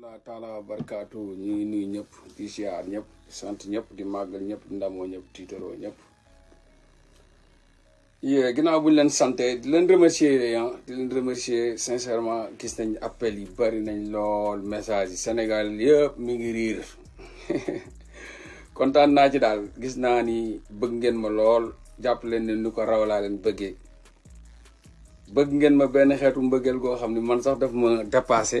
rahmatullahi taala barkatu ñi nuy ngi ñëpp di ziar ñëpp sant ñëpp di màggal ñëpp ndamoo ñëpp tiitaroo ñëpp ye ginnaaw buñ leen sante di leen remercier ah di leen remercier sincèrement gis nañ appel yi bari nañ lool message yi Sénégal yëpp mi ngi riir kontaan naa ci daal gis naa ni bëgg ngeen ma lool jàpp leen ne nu ko raw laa leen bëggee bëgg ngeen ma benn xeetu mbëggeel goo xam ne man sax daf ma dépassé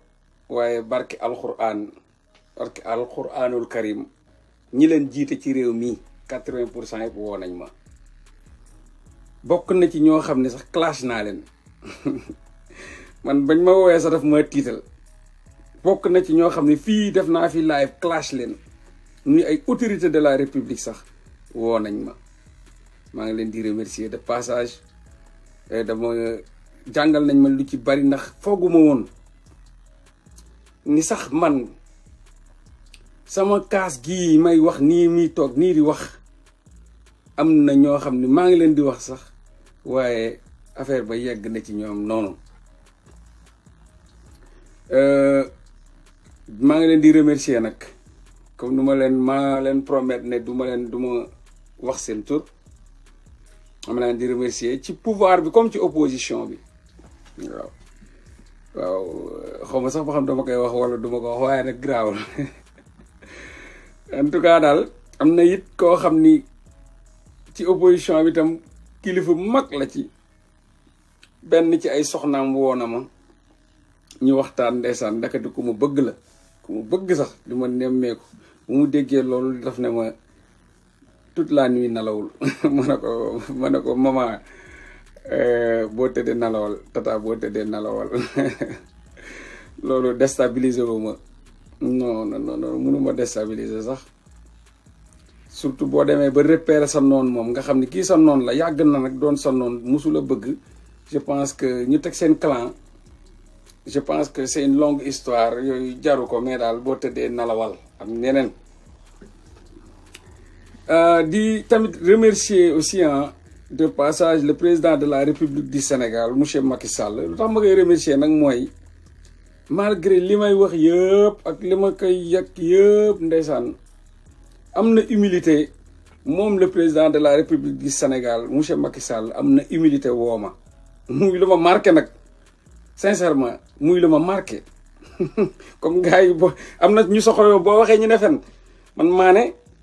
waye barke alquran barke alquranul karim ñi leen jité ci réew mi 80% yépp wo nañ ma bokk na ci ño xamné sax clash na leen man bañ ma esaraf sax daf ma tiital bokk na ci ño xamné ne def na fi live clash leen ñuy ay autorité de la république sax wo nañ ma ma ngi leen di remercier de passage eh, dama jangal nañ ma lu ci bari ndax foguma won ni sax man sama kaas gi may wax nii muy toog nii di wax am na ñoo xam ne maa ngi leen di wax sax waaye affaire ba yegg na ci ñoom noonu euh, maa ngi leen di remercier nag comme nu ma leen maa leen promettre ne du ma leen du ma wax seen tur am leen di remercier ci pouvoir bi comme ci opposition bi waaw waaw xaw ma sax ba xam dama koy wax wala duma ko wax waaye nag garaawul en daal am na it koo xam ni ci opposition bi tam kilifa mag la ci benn ci ay soxnaam woona ma ñu waxtaan ndeysaan ndakati ko mu bëgg la ku mu bëgg sax di ma nemmeeku bu mu déggee loolu daf ne ma toute la nuit nalawul ma ne ko ma Eh, boo tëddee nalawal tata boo tëddee nalawal loolu déstabiliser wu ma non non non mënuma déstabiliser sax surtout boo demee ba repérer sa noon moom nga xam ne kii sa noon la yàgg na nag doon sa noon musula bëgg je pense que ñu teg seen clan je pense que c'est une longue histoire yooyu jaru ko mais daal boo tëddee nalawal am ñeneen euh, di tamit remercier aussi ah de passage le président de la république du Sénégal monsieur Macky Sall remercier malgré li wax yépp ak humilité le président de la république du Sénégal monsieur Macky Sall humilité marqué sincèrement muy marqué comme gars ñu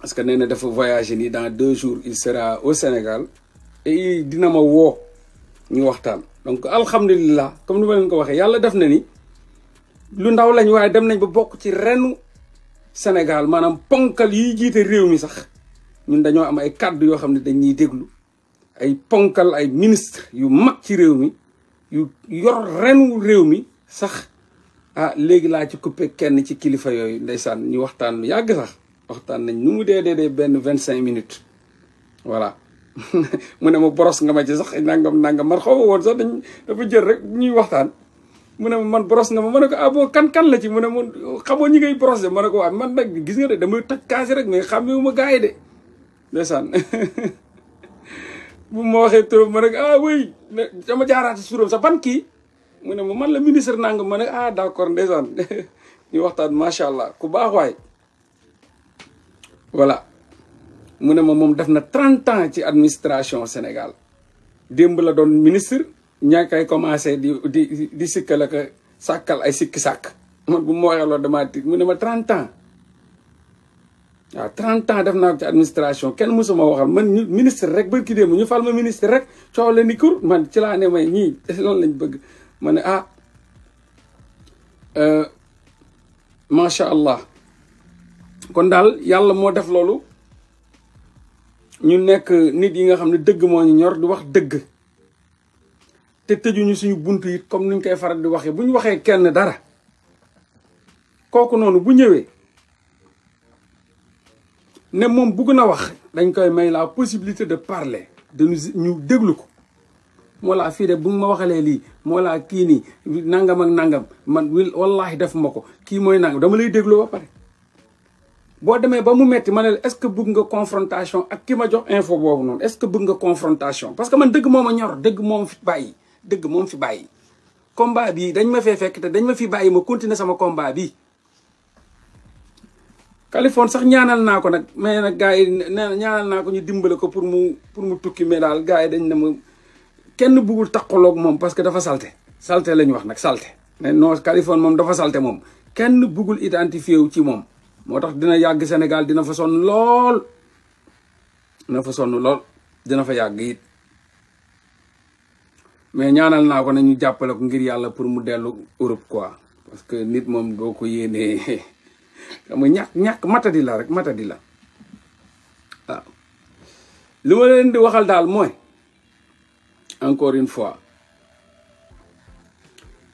parce que nee dafa voyager ni dans deux jours il sera au Sénégal et il dina ma woo ni waxtaan donc alhamdulilah comme ni ma leen ko waxee yàlla def na ni lu ndaw lañ waaye dem nañ ba bokk ci renu Sénégal maanaam ponkal yiy jiite réew mi sax ñun dañoo am ay kàddu yoo xam ne ni déglu ay ponkal ay ministre yu mag ci réew mi yu yor renu réew mi sax ah léegi laa ci coupé kenn ci kilifa yooyu ndeysaan ni waxtaan lu yàgg sax waxtaan nañ nu mu dee dee benn vingt cinq minutes voilà mu ne ma boros nga ma ci sax nangam nangam man xaw ma woon sax dañ dafa jël rek ñuy waxtaan mu ne ma man boros nga ma ma ne ko ah kan kan la ci mu ne ma xamoo ñi ngay boros de ma ne ko waa man nag gis nga de damay toj kaasi rek mais xàmmeewuma gars yi de ndeysaan bu ma waxee turam ma ne ko ah oui dama jaaraate suuram sa ban kii mu ne ma man la ministre nangam ma ne ah d' accord ndeysaan ñu waxtaan macha allah ku baax waay voilà mu ne ma moom def na trente ans ci administration Sénégal démb la doon ministre ñaa koy commencé di di di sikkal ak sàkkal ay sikki sàkk man bu ma waxee loolu damaa tiit mu ne ma trente ans waaw trente def naa ko ci administration kenn mosuma waxal man ñu ministre rek ba ki démb ñu fal ma ministre rek coow la ni kur man ci laa ne may ñii loolu lañ bëgg ma ne ah euh, macha allah kon ya yalla mo def loolu ñu nekk nit yi nga xamne deug mo ñu ñor du wax deug te ñu suñu buntu yi comme niñ koy faral di waxe buñ waxe kenn dara koku nonu bu ñewé ne mom bugg na wax dañ koy may la possibilité de parler de ñu déglu ko mo la fi de bu ma waxalé li mo la ki ni nangam ak nangam man wallahi def mako. ki moy nangam dama lay déglu ba paré boo demee ba mu metti ma ne la est-ce que bëgg nga confrontation ak ki ma jox info boobu noonu est-ce que bëgg nga confrontation parce que man dëgg moom a ñor dëgg moom fi bàyyi dëgg moom fi bàyyi combat bii dañ ma fee fekk te dañ ma fi bàyyi ma continuer sama combat bi Californie sax ñaanal naa ko nag mais nag gars yi nee ñaanal naa ko ñu dimbale ko pour mu pour mu tukki mais daal gars yi dañ ne ma kenn bëggul taqaloog moom parce que dafa salte salte la ñu wax nag salte mais non Californie moom dafa salte moom kenn bëggul identifié wu ci moom motax dina yàgg senegal dina fa son lol dina fa son lol dina fa yàgg yit mais ñaanal na ko nañu jappale ko ngir yalla pour mu delu Europe quoi parce que nit mom boko yene yéenee ñak ñak matadi la rek matadi la waaw ah. li ma di waxal dal moy encore une fois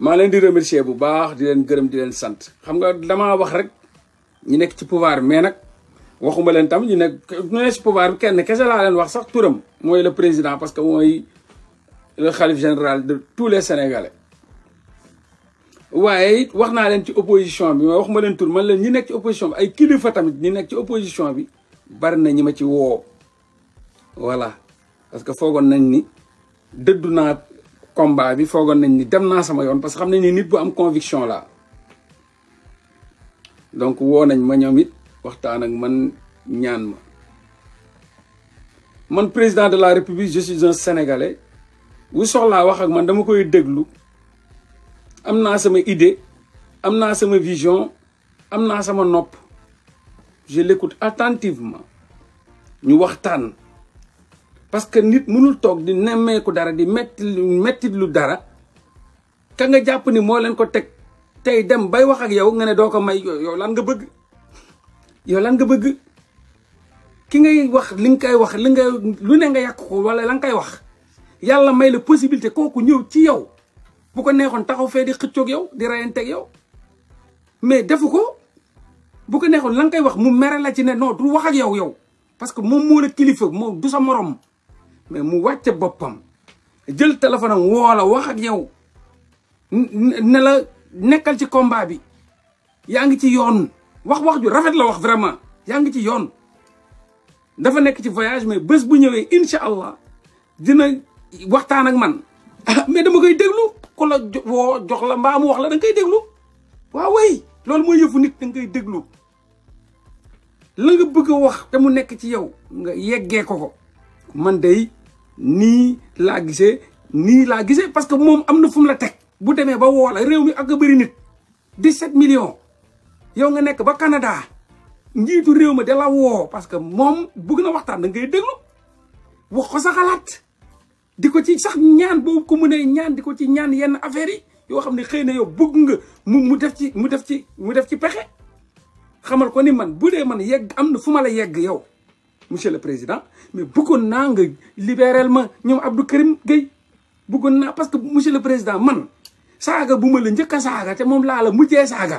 ma len di remercier bu baax di len gërem di len sant xam nga dama wax rek ñu nekk ci pouvoir mais nak waxuma len tam ñu nekk ñu nekk ci pouvoir bi kenn kese laa leen wax sax touram moy le président parce que moy le khalife général de tous les sénégalais. waye it wax naa leen ci opposition bi mais waxuma len tour man len ñi nekk ci opposition bi ay kilifa tamit ñi nekk ci opposition bi bari na ñi ci wo voilà parce que fogon nañ ni deuduna combat bi fogon nañ ni dem na sama yoon parce que xam nañ ni nit bu am conviction la donc woo nañ ma ñoom it waxtaan ak man ñaan ma man président de la république je suis un sénégalais bu soxlaa wax ak man dama koy déglu am naa sama idée am naa sama vision am naa sama nopp je l'écoute attentivement ñu waxtaan parce que nit mënul toog di nemmeeku dara di metti metti lu dara ka nga jàpp ni moo leen ko teg tey dem bay wax ak yow nga ne doo ko may yow lan nga bëgg yow lan nga bëgg ki ngay wax li nga koy wax li nga lu ne nga yàq ko wala la nga koy wax yàlla may la possibilité kooku ñëw ci yow bu ko neexoon taxaw fee di xëccoog yow di reyanteeg yow mais defu ko bu ko neexoon la nga koy wax mu mere la ci ne non du wax ak yow yow parce que moom moo la kilifa moom du sa moroom mais mu wàcce boppam jël téléphone am woo wax ak yow ne nekkal ci combat bi yaa ngi ci yoon wax wax ju rafet la wax vraiment yaa ngi ci yoon dafa nekk ci voyage mais bés bu ñëwee incha allah dina waxtaan ak man ah, mais dama koy déglu ku la jox la mbaa wax la da koy déglu waaw way loolu mooy yëfu nit da koy déglu la nga bëgg a wax te mu nekk ci yow nga yeggee ko ko man day nii laa gisee nii laa gisee parce que moom am na fu mu la teg bu demee ba woola réew mi ak a bëri nit 17 millions yow nga nekk ba Canada njiitu réew ma da la woo parce que moom bëgg na waxtaan da ngay déglu wax ko sa xalaat di ko ci sax ñaan boobu ko mënee ñaan di ko ci ñaan yenn affaires yi yoo xam ne xëy na yow bëgg nga mu mu def ci mu def ci mu def ci pexe xamal ko ni man bu dee man yegg am na fu ma la yegg yow monsieur le président mais bëggoon naa nga libéral ma ñoom Abdou Karim Gueye bëggoon naa parce que monsieur le président man saaga bu ma la njëkk a saaga te moom laa la mujjee saaga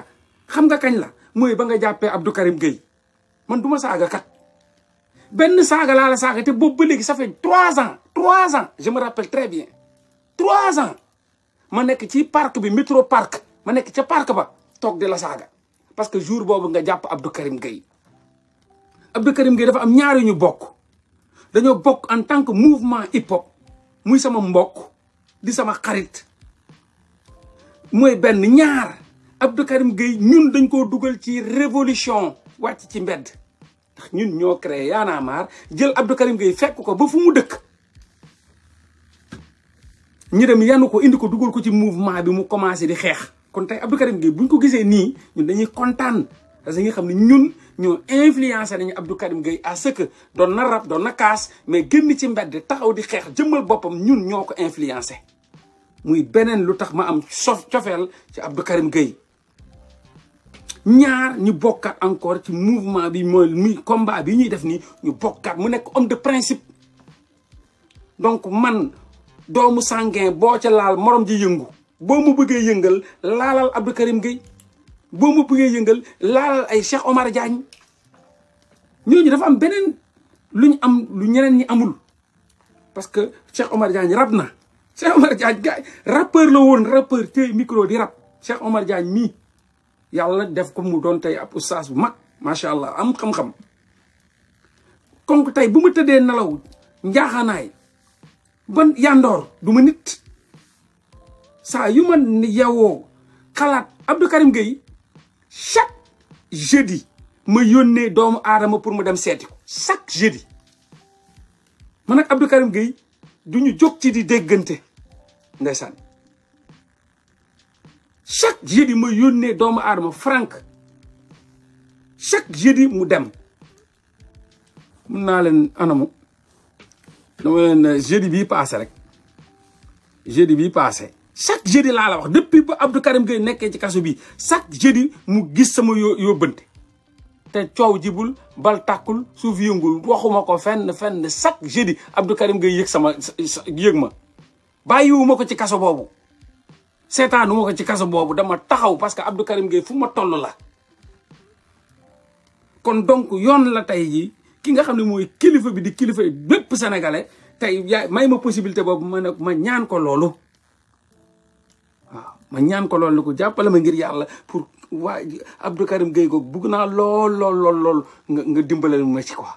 xam nga kañ la mooy ba nga jàppee Abdou Karim Gueye man du ma saaga kat benn saaga laa la saaga te boobu ba léegi sa fait trois ans trois ans je me rappelle très bien trois ans ma nekk ci parc bi métro park ma nekk ca park ba toog di la saaga parce que jour boobu nga jàpp Abdou Karim Gueye Abdou Karim Gueye dafa am ñaari ñu bokk dañoo bokk en tant que mouvement hip hop muy sama mbok di sama xarit moy ben ñaar Abdou Karim Gueye ñun dañ ko ci révolution wàcc ci mbedd ndax ñun ño créé jël Abdou Karim fekk ko ba fu mu dëkk dem yanu mouvement bi mu commencé di xeex kon Abdou Karim Gueye buñ ko gisé ni ñun dañuy parce influencé Abdou Karim Gueye à que mais ci mbedd taxaw di jëmmal muy beneen lu tax ma am sof cofeel ci Abdou Karim Gueye ñaar ñu bokkaat encore ci mouvement bi mooy muy combat bi ñuy def nii ñu bokkaat mu nekk homme de principe donc man doomu sanguin boo ca laal moroom ji yëngu boo mu buggee yëngal laalal Abdou Karim Gueye boo mu buggee yëngal laalal ay Cheikh Omar Diagne ñooñu dafa am beneen lu ñu am lu ñeneen ñi amul parce que Cheikh Omar Diagne rab na Cheikh Omar Diagne gars rappeur la woon rappeur téye micro di rap Cheikh Omar Diagne mii yàlla def ko mu doon tey ab ustaas bu mag macha allah am xam-xam konk tey bu ma tëddee nelaw njaaxanaay ban yandoor du ma nit saa yu ma yewoo xalaat Abdou Karim Gueye chaque jeudi ma yónnee doomu aadama pour ma dem seeti ko chaque jeudi man ak Abdou Karim Gueye du ñu jóg ci di déggante ndeysaan chaque jeudi ma yónnee doomu arme franc chaque jeudi mu dem mun len leen anamu dama leen jeudi bi passé rek jeudi bi passé chaque jeudi la la wax depuis ba Abdou Karim Gueye nekkee ci kasso bi chaque jeudi mu gis sama yoo yóbbante te coow jibul bal takul souf yengul waxuma ko fenn fenn chaque jeudi Abdou Karim Gueye yek sama yëg ma bàyyiwuma ko ci kaso boobu seetaanuma ko ci kaso boobu dama taxaw parce que Abdou Karim Gueye fu ma toll la kon donc yoon la tey jii ki nga xam ne mooy kilifa bi di kilifa bépp sénégalais tey yaay may ma possibilité boobu ma ne ma ñaan ko loolu waaw ma ñaan ko loolu ko jàppale ma ngir yàlla pour waa Abdou Karim Gueye ko bugg naa lool lool lool lool nga nga dimbalal ma ci quoi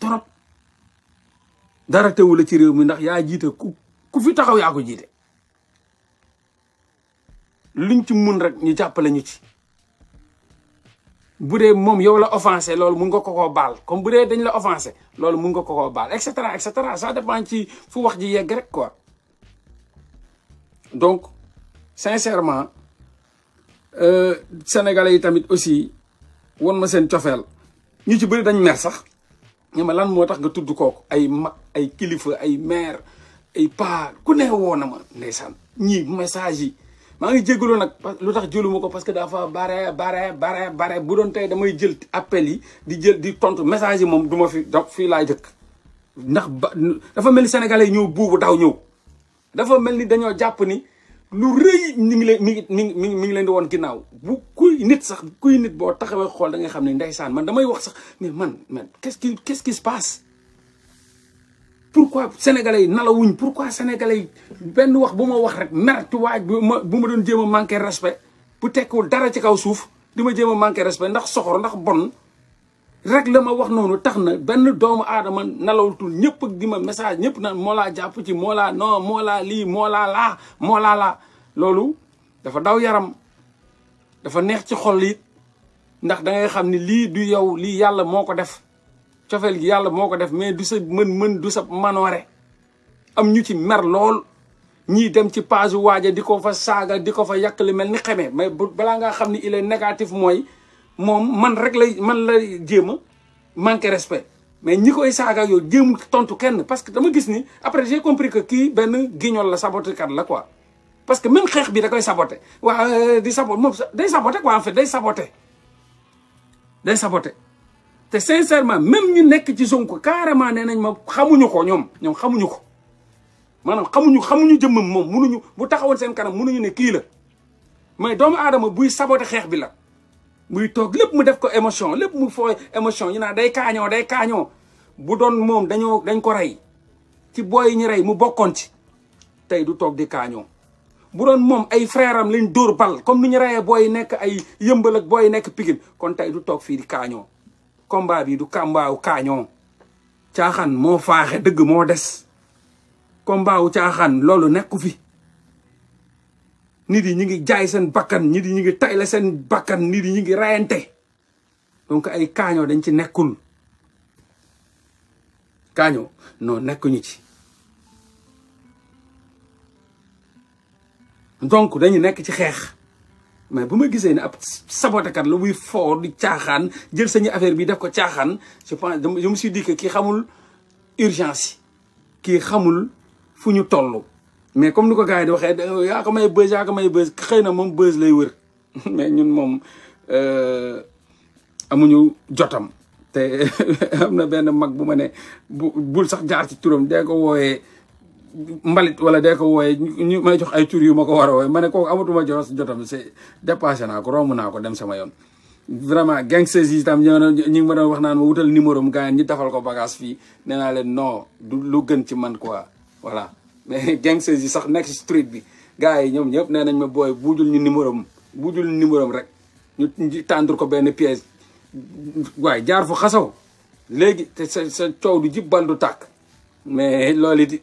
trop dara tewu la ci réew mi ndax yaa jiite ku ku fi taxaw ya ko jité liñ ci mun rek ñu jàppale ñu ci budé mom yow la offenser lool mu nga ko koo baal comme budé dañ la offenser lool mu nga ko koo baal et cetera et cetera ça dépend ci fu wax ji yegg rek quoi donc sincèrement euh, sénégalais yi tamit aussi won ma sen tiofel ñu ci bëri dañ mer sax ñama lan motax nga tudd ay ay kilifa ay maire ay paa ku ne woo na ma ndeysaan ñii message yi maa ngi jégalu nag lu tax jëluma ko parce que dafa bare bare bare bare bu doon tey damay jël appel yi di jël di tontu message yi moom duma ma fi da fii laa jëkk ndax ba dafa mel ni sénégalais yi ñëw buubu daw ñëw dafa mel ni dañoo jàpp ni lu rëy mi ngi leen mi ngi mi ngi mi ngi leen di woon ginnaaw bu kuy nit sax kuy nit boo taxawee xool dangay nga xam ne ndeysaan man damay wax sax mais man man qu'est-ce qui qu'est-ce pourquoi sénégalais yi nalawuñ pourquoi sénégalais yi benn wax bu ma wax rek mer ci waaj bu ma ma doon jéem a manqué respect bu tekkiwul dara ci kaw suuf di ma jéem a manqué respect ndax soxor ndax bon rek la ma wax noonu tax na benn doomu aadama nalawatul ñëpp di ma message ñëpp naan moo laa jàpp ci moo laa non moo laa lii moo laa laa moo laa laa loolu dafa daw yaram dafa neex ci xol yi ndax dangay xam ni lii du yow lii yàlla moo ko def tiofel gi yalla moko mais du sa du sa manoré am ñu ci mer lool ñi dem ci page waaja diko fa fa mais nga il est négatif moy mom man rek lay man la respect mais ñi koy saga yo djemu tontu kenn parce que dama gis ni après j'ai compris que qui ben guignol la kat la quoi parce que même xex bi da koy saboté euh, di sabote quoi en fait day day te sincèrement même ñu nekk ci Sonko carrément nee nañ ma xamuñu ko ñoom ñoom xamuñu ko maanaam xamuñu xamuñu jëmmam moom munuñu bu taxawoon seen kanam munuñu ne kii la mais doomu aadama buy saboté xeex bi la buy toog lépp mu def ko émotion lépp mu fooy émotion ñu naan day kaañoo day kaañoo bu doon moom dañoo dañ ko rey ci booy ñu rey mu bokkoon ci tey du toog di kaañoo bu doon moom ay frère am lañ dóor bal comme nu ñu reyee booy nekk ay yëmbalak ak booy nekk Pikine kon tey du toog fii di kaañoo combat bi du combat wu kaañoo caaxaan moo faaxe dëgg moo des combat wu caaxaan loolu nekku fi nit yi ñu ngi jaay seen bakkan nit yi ñu ngi tayle seen bakkan nit yi ñu ngi rayante donc ay kaañoo dañ ci nekkul kaañoo noo nekkuñu ci donk dañu nekk ci xeex mais bu ma gisee ne ab sabotekat la muy fort di caaxaan jël sañu affaire bi def ko caaxaan je pense je me suis dit kii xamul urgence kii xamul fu ñu toll. mais comme ni ko gars yi di waxee oh, yaa ko may buzz yaa ko may buzz xëy na moom buzz lay wër mais ñun moom euh, amuñu jotam. te am na benn mag bu ma ne bu bul sax jaar ci turam dee ko wooyee. mbalit wala de ko wooye ñu may jox ay tur yu ma ko war a wooye mane ko kooku amatuma jox jotam c'est dépassé naa ko romb naa ko dem sama yoon vraiment gangsters yi tam ñoo ñu ngi ma wax naan ma wutal numéro mu gars ñi defal ko bagage fii nee naa leen non du lu gën ci man quoi voilà mais gangsters yi sax nekk si bi gars yi ñoom ñëpp nee nañ ma booy buujul ñu numéro am jul ñu numéro am rek ñu tàndur ko benn pièce waaye jaar fu xasaw léegi te sa sa coow du jib bal du tàkk mais loolu it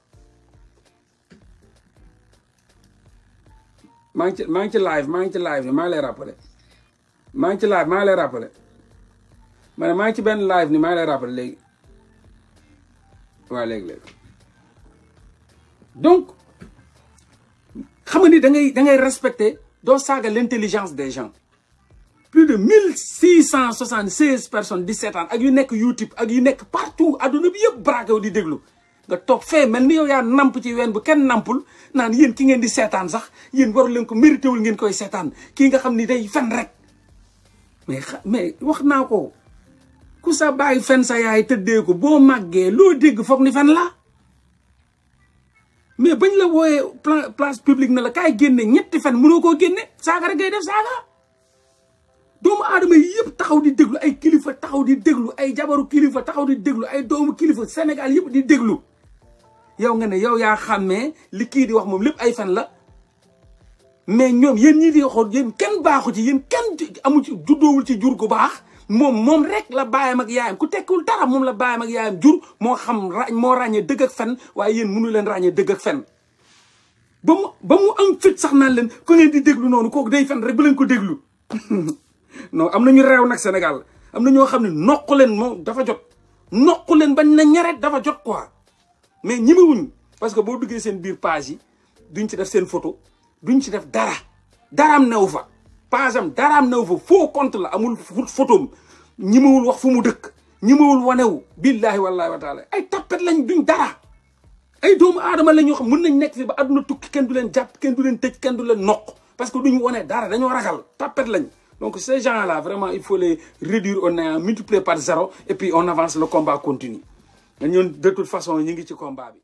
maa ngi live maa live ni maa ngi lay rappelé maa live maa lay rappelé Mais ne ben live ni maa ngi lay rappelé léegi waaw léegi donc xam ni da ngay da ngay respecter doo saga l'intelligence des gens plus de mille six cent soixante seize personnes 17 ans ak yu nek YouTube ak yu nek partout aduna bi yeb braqué di déglou. nga toog fee mel ni yow yaa nampu ci ween bu kenn nampul naan yéen ki ngeen di seetaan sax yéen waru leen ko mérité wul ngeen koy seetaan kii nga xam ni day fen rek mais mais wax naa ko ku sa bàyyi fen sa yaay tëddee ko boo màggee loo dégg foog ni fen la mais bañ la wooyee place publique na la kaay génne ñetti fen mënoo koo génne saaga rek ngay def saaga doomu aadama yi yëpp taxaw di déglu ay kilifa taxaw di déglu ay jabaru kilifa taxaw di déglu ay doomu kilifa Sénégal yëpp di déglu yow nga ne yow yaa xàmmee li kii di wax moom lépp ay fen la mais ñoom yéen ñi di waxoon yéen kenn baaxu ci yéen kenn amu ci juddoowul ci jur gu baax moom moom rek la baayam ak yaayam ku tekkul dara moom la baayam ak yaayam jur moo xam moo ràññee dëgg ak fen waaye yéen mënu leen ràññee dëgg ak ba mu ba mu am fit sax naan leen ku ngeen di déglu noonu kooku day fen rek bu leen ko déglu non am na ñu réew nag senegal am na ñoo xam ne noqu leen moom dafa jot noqu leen bañ na ñaret dafa jot quoi mais ñimewuñ parce que bo duggé sen biir page yi duñ ci def photo duñ ci def dara daram new fa page am fa faux compte la amul ñi vous wax fu mu dëkk wa taala ay tapet lañ duñ dara ay doomu adam, la xam mën nañ nekk fi ba aduna tukki ken du len japp ken du du parce que duñ woné dara dañu ragal tapet lañ donc ces gens là vraiment il faut les réduire On néant multiplier par zéro et puis on avance le combat continue dañoon de toute façon ñu ngi ci combat bi